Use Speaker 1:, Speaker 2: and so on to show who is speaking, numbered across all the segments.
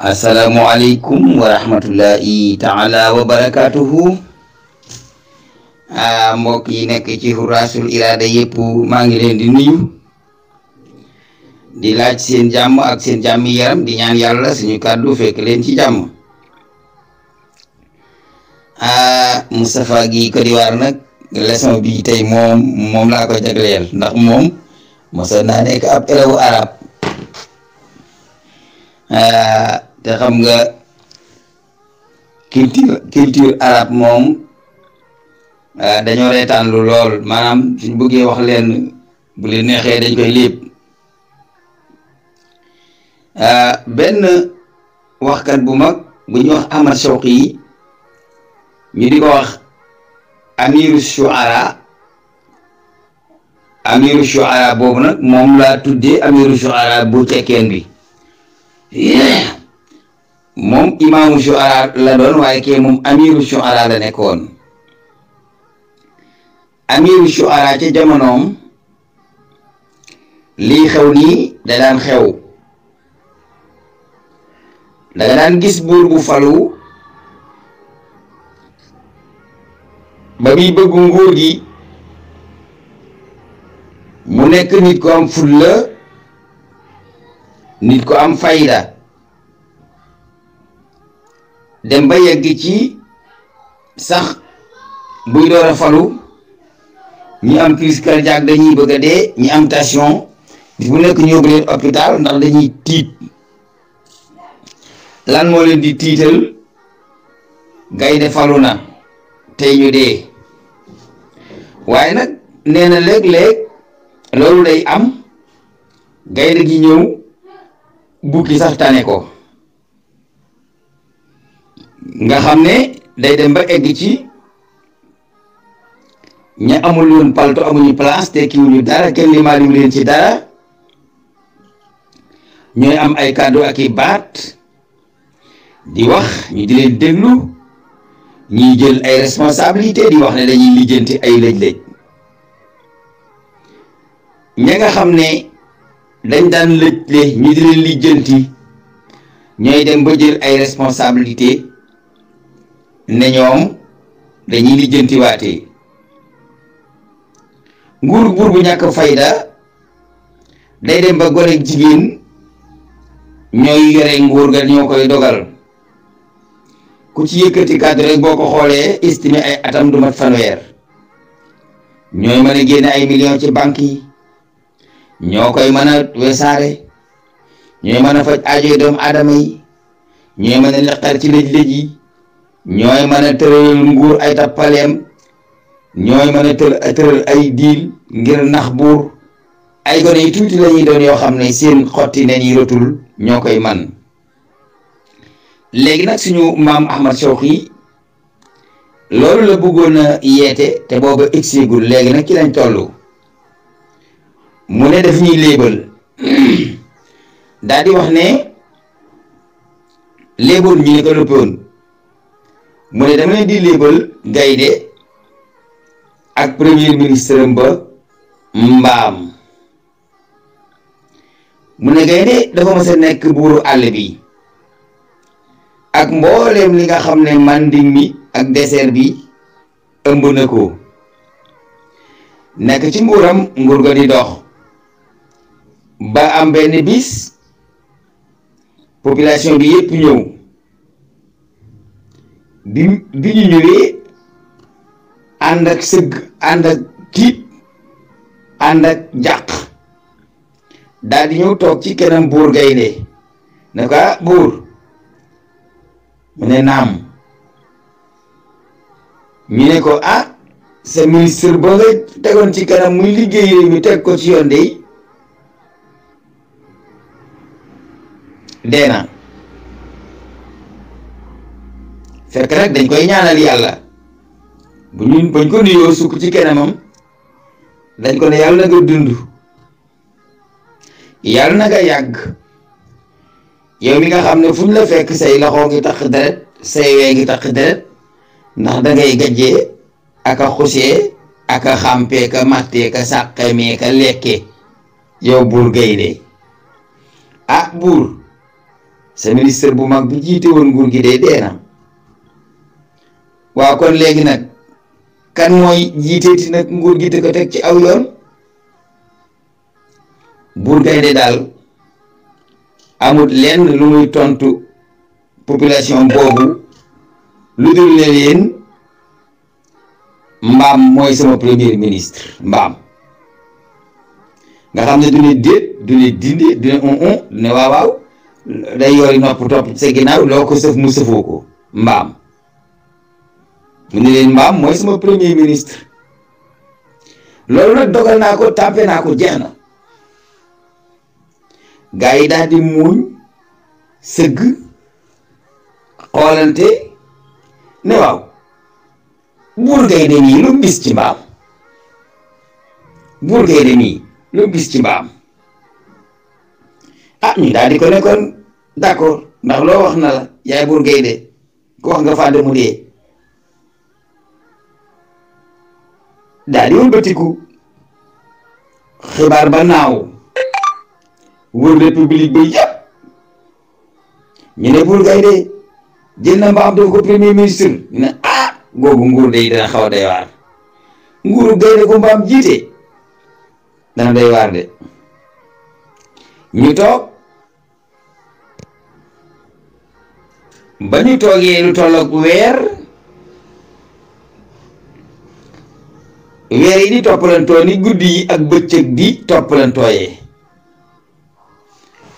Speaker 1: Assalamualaikum warahmatullahi ta'ala wabarakatuh uh, ah, mbokk yi Rasul ci yepu iraada yëpp maa jamu leen di nuyu di laaj seen jàmm ak sin jami yaram di ñaan yàlla suñu kàddu fekk leen ci jàmm uh, bi mom mom la ko ndax ab élève arab uh, te xam nga culture culture arabe moom euh, dañoo reetaan lu lool maanaam suñ bëggee wax leen bu leen neexee dañ koy léeb euh, benn waxkat bu mag bu ñuy wax Ahmad Shawqi yi ñu di ko wax amiru shuara amiru shuara boobu nag moom laa tuddee amiru shuara bu cekkeen bi
Speaker 2: moom imaamu shuara la doon waaye kee moom
Speaker 1: amiru shuara la nekkoon amiru shuara ca jamonoom lii xew nii da daan xew danga daan gis buur bu falu ba muy bëggu nguur gi mu nekk nit ko am fulla nit ko am fayda dem ba yegg ci sax buy door a falu ñi am crise cardiaque dañuy bëgg dee ñi am tension bis bu nekk ñu yóbbu leen hôpital ndax dañuy tiit lan moo leen di tiital gaynde falu na tey ñu dee waaye nag nee na léeg-léeg loolu day am gaynde gi ñëw bukki sax tane ko nga xam ne day dem ba egg ci ña amul woon amuñu place te kiwuñu leen ci dara ñooy am ay kàddu ak i di wax ñu di leen déglu ñuy jël ay responsabilité di wax ne dañuy lijjanti ay lëj-lëj ña nga xam ne dañ daan lëj le ñu di leen lijjanti ñooy dem ba jël ay responsabilité ne ñoom dañuy lijjantiwaatee nguur buur bu ñàkk fayda day dem ba gone jigéen ñooy yore nguur ga ñoo koy dogal ku ci yëkkati kàddu rek boo ko xoolee estimé ay atam du mat fanweer ñooy mën a génne ay millions ci banque yi ñoo koy mën a wesaare ñooy mën a faj aajoy doomu aadama yi ñooy mën a ci lëj-lëj yi ñooy mën a tëral nguur ay tappaleem ñooy mën a tëral ay diil ngir nax buur ay gone yu tuuti lañuy doon yoo xam ne seen xotti nen yi rëtul ñoo koy man léegi nag suñu maam Ahmad Shawqi loolu la bëggoon a yeete te booba egseegul léegi nag ci lañ toll mu ne daf ñuy léebal daal wax ne léeboon ñu ne ko lëppoon mu ne dama di léebal gaynde ak premier ministre ba mbaam mu ne gaynde dafa mës a nekk buuru àll bi ak mbooleem li nga xam ne manding mi ak désert bi ëmb na ko nekk ci nguuram nguur ga di dox ba am benn bis population bi yépp ñëw di bi ñu ñëwee ànd ak sëgg ànd ak tiit ànd ak jàq daal di ñëw toog ci kanam buur gaynde ne ko ah, buur mu ne naam ñu ne ko ah sa ministre ba nga tegoon ci kanam muy liggéey mi teg ko ci yoon dee na fekk rek dañ koy ñaanal yàlla bu ñu bañ ko nuyoo sukk ci kanamam dañ ko ne yàlla na nga dund yàlla na nga yàgg yow mi nga xam ne fu ñu la fekk say loxoo ngi tax deret say wee ngi tax deret ndax da ngay gajjee ak a xusee ak a xàmpee ka màttee ka sàqamee ka lekkee yow buur gaynde ah buur sa ministre bu mag bi jiite woon nguur gi dee dee waaw kon léegi nag kan mooy jiiteeti nag nguur gi ko teg ci aw yoon buur gaynde daal amut leen lu muy tontu population boobu lu dul ne leen mbaam mooy sama premier ministre mbaam nga xam ne du ne déet du ne dinde du ne un du ne waaw waaw day yori nopp topp sa loo ko sëf mu sëfoo ko mbaam mu ne leen mbaam mooy sama premier ministre loolu nag dogal naa ko tàppe naa ko jeex na gaa yi daal di muuñ sëgg xoolante ne waaw buur gaynde nii lu gis ci mbaam buur gaynde nii lu gis ci mbaam ah ñu daal di ko ne kon ndax loo wax na la yaay buur gaynde ko wax nga fànde mu dee daal di wëlbatiku xibaar ba naaw wër république ba yëpp ñu ne Bour Gaynde jël na mbaam def ko premier ministre ne ah googu nguur day dana xaw a day waar nguuru gaynde ko mbaam jiite dana day waar de ñu toog ba ñu toogee lu tolloog weer weer yi di toppalantoo ni guddi yi ak bëccëg di toppalantooyee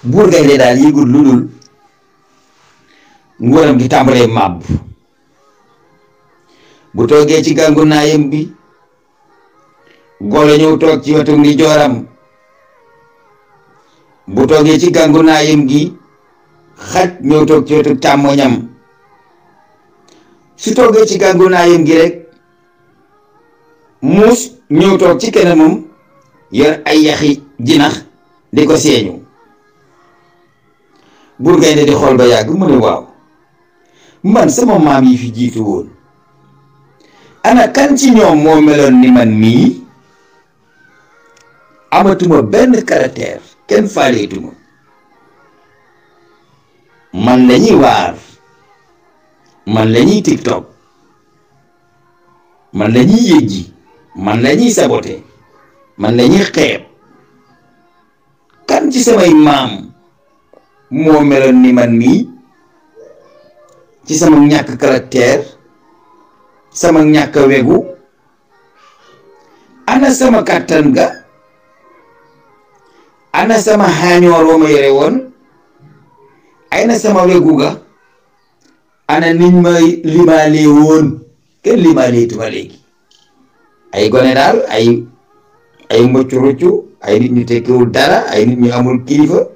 Speaker 1: buur gaynde daal yëgul lu dul nguuram gi tàmbalee màbb bu toogee ci gàngu naayam bi golo ñëw toog ci wetum ngi jooram bu toogee ci gàngu naayam gi xaj ñëw toog ci wetu càmmoñam su toogee ci gàngu gi rek muus ñëw toog ci kanamam yor ay yaxi jinax di ko seeñu buur gaynde di xool ba yàgg mu ne waaw man sama maam yi fi jiitu woon ana kan ci ñoom moo meloon ni man mii amatuma benn caractère kenn faaleetuma man lañuy waar man lañuy tiktok man lañuy yëg ji man la ñuy saboté man la ñuy kan ci samay maam moo meloon ni man mii ci sama ñàkk caractère sama ñàkk a wegu ana sama kàttan ga ana sama xaañoor wa ma woon ay na sama wegu ga ana niñ ma limaalee woon kenn limaalee tuma léegi ay gone dal ay ay moccu ruccu ay nit ñu tekkiwul dara ay nit ñu amul kilifa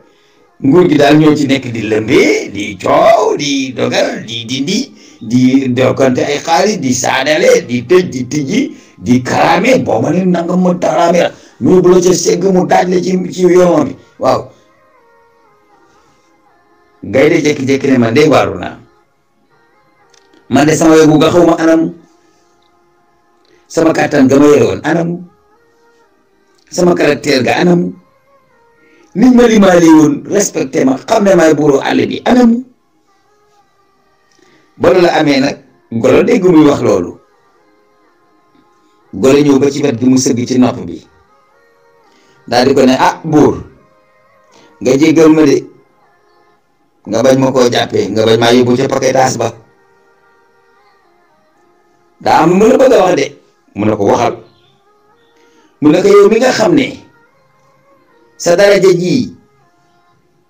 Speaker 1: nguur gi dal ñoo ci nekk di lëmbee di ciow di dogal di dindi di dokkante ay xaalis di saadale di tej di tiji di karaame bo ma ni nanga mo karaame ñu bu la ca segg mu daj la ci ci yoon bi waaw gaynde jekki-jekki ne man de waruna man de sama anam sama kàttan ga ma yore woon anamu sama caractère ga anamu niñ ma limaale woon respecté ma xam ne maay buuru àll bi anamu ba loola amee nag golo dégg muy wax loolu golo ñëw ba ci wet bi mu sëgg ci nopp bi daal di ko ne ah buur nga jéggal ma de nga bañ ma koo jàppee nga bañ maa yóbbu ca paquetage ba daa am lu ma la bëgg a wax de mun na ko waxal mun na ko yow mi nga xam ne sa daraja ji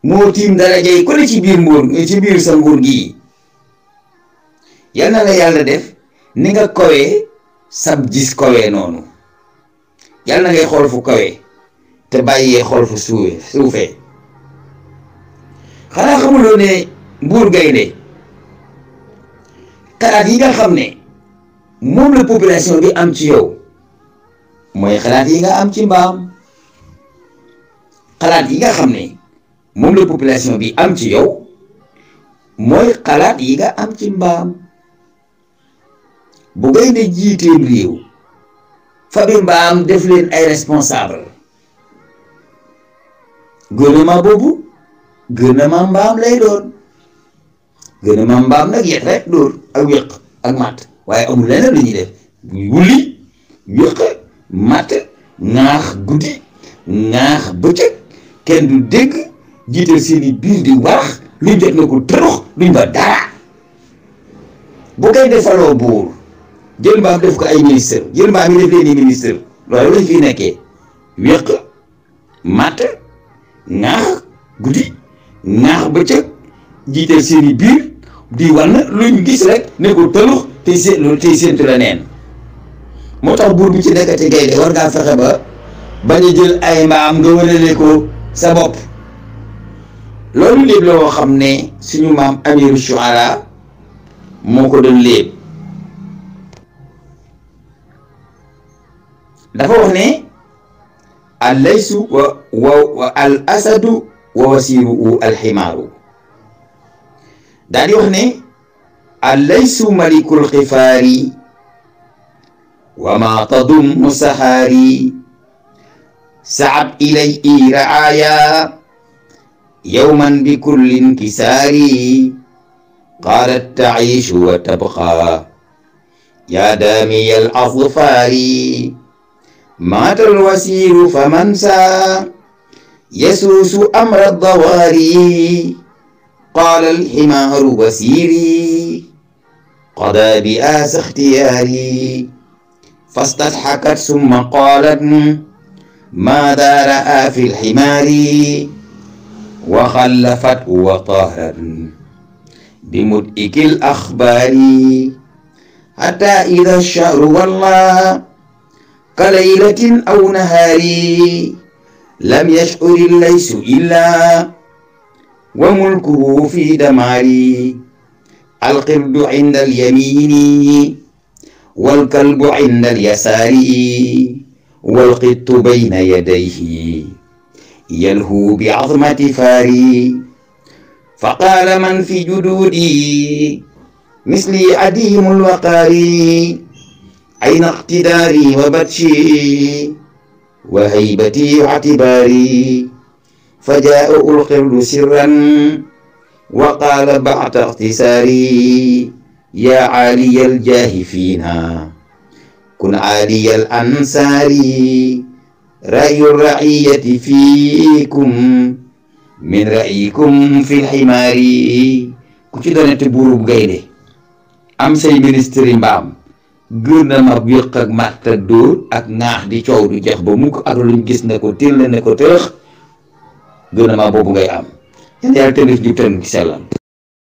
Speaker 1: moo tiim daraja yi ko ne ci biir nguur ci biir sa nguur gi yal na la yàlla def ni nga kawee sab gis kawee noonu yal na ngay xool fu kawee te bàyyee xool fu suufe suufee xanaa xamuloo ne mbuur gaynde karaat yi nga xam ne moom la population bi am ci yow mooy xalaat yi nga am ci mbaam xalaat yi nga xam ne moom la population bi am ci yow mooy xalaat yi nga am ci mbaam bu gaynde jiiteem réew fabi mbaam def leen ay responsable gouvernement boobu gouvernement mbaam lay doon gouvernement mbaam nag yet rek dóor ak wéq ak matt waaye amul leneen lu ñuy def wulli yëq matt ŋaax guddi ŋaax bëccëg kenn du dégg jiital seeni biir di warax luñ def na ko tërux luñ ba dara bu koy defaloo buur jël mbaam def ko ay ministre jël mbaam yi def leen ni ministre loolu lañ fi nekkee wéq matt ŋaax guddi ŋaax bëccëg jiital seeni biir di wan luñ gis rek ne ko tërux tey sé loolu tey séentu la neen moo tax buur bi ci nekkati gaynde war ngaa fexe ba bañ a jël ay mbaam nga wëralee ko sa bopp loolu léeb la woo xam ne suñu maam amiru shuara moo ko doon léeb dafa wax ne al laysu wa wa al asadu wa wasiiru u alximaaru daal di wax ne أليس ملك القفار وما تضم سهاري سعب إليه رعايا يوما بكل انكسار قالت تعيش وتبقى يا دامي الأظفار مات الوسير فمنسى يسوس أمر الضواري قال الحمار وسيري قضى بآس اختياري فاستضحكت ثم قالت ماذا رأى في الحمار وخلفت وطهرت بمدئك الأخبار حتى إذا الشهر والله كليلة أو نهار لم يشعر الليس إلا وملكه في دماري القرد عند اليمين والكلب عند اليسار والقط بين يديه يلهو بعظمة فاري فقال من في جدودي مثلي عديم الوقار أين اقتداري وبطشي وهيبتي واعتباري فجاء القرد سرا وقال بعد اختصاري يا عالي الجاه فينا كن عالي الأنصار رأي الرعية فيكم من رأيكم في الحمار ku ci doon te buurub gaynde am say ministre yi mbaam gër na ma yëq ak màtt ak dóor di coow du jeex muk mukk ak luñ gis ne ko téel ne ko tërëx gër na ma boobu ngay am reality is different inshallah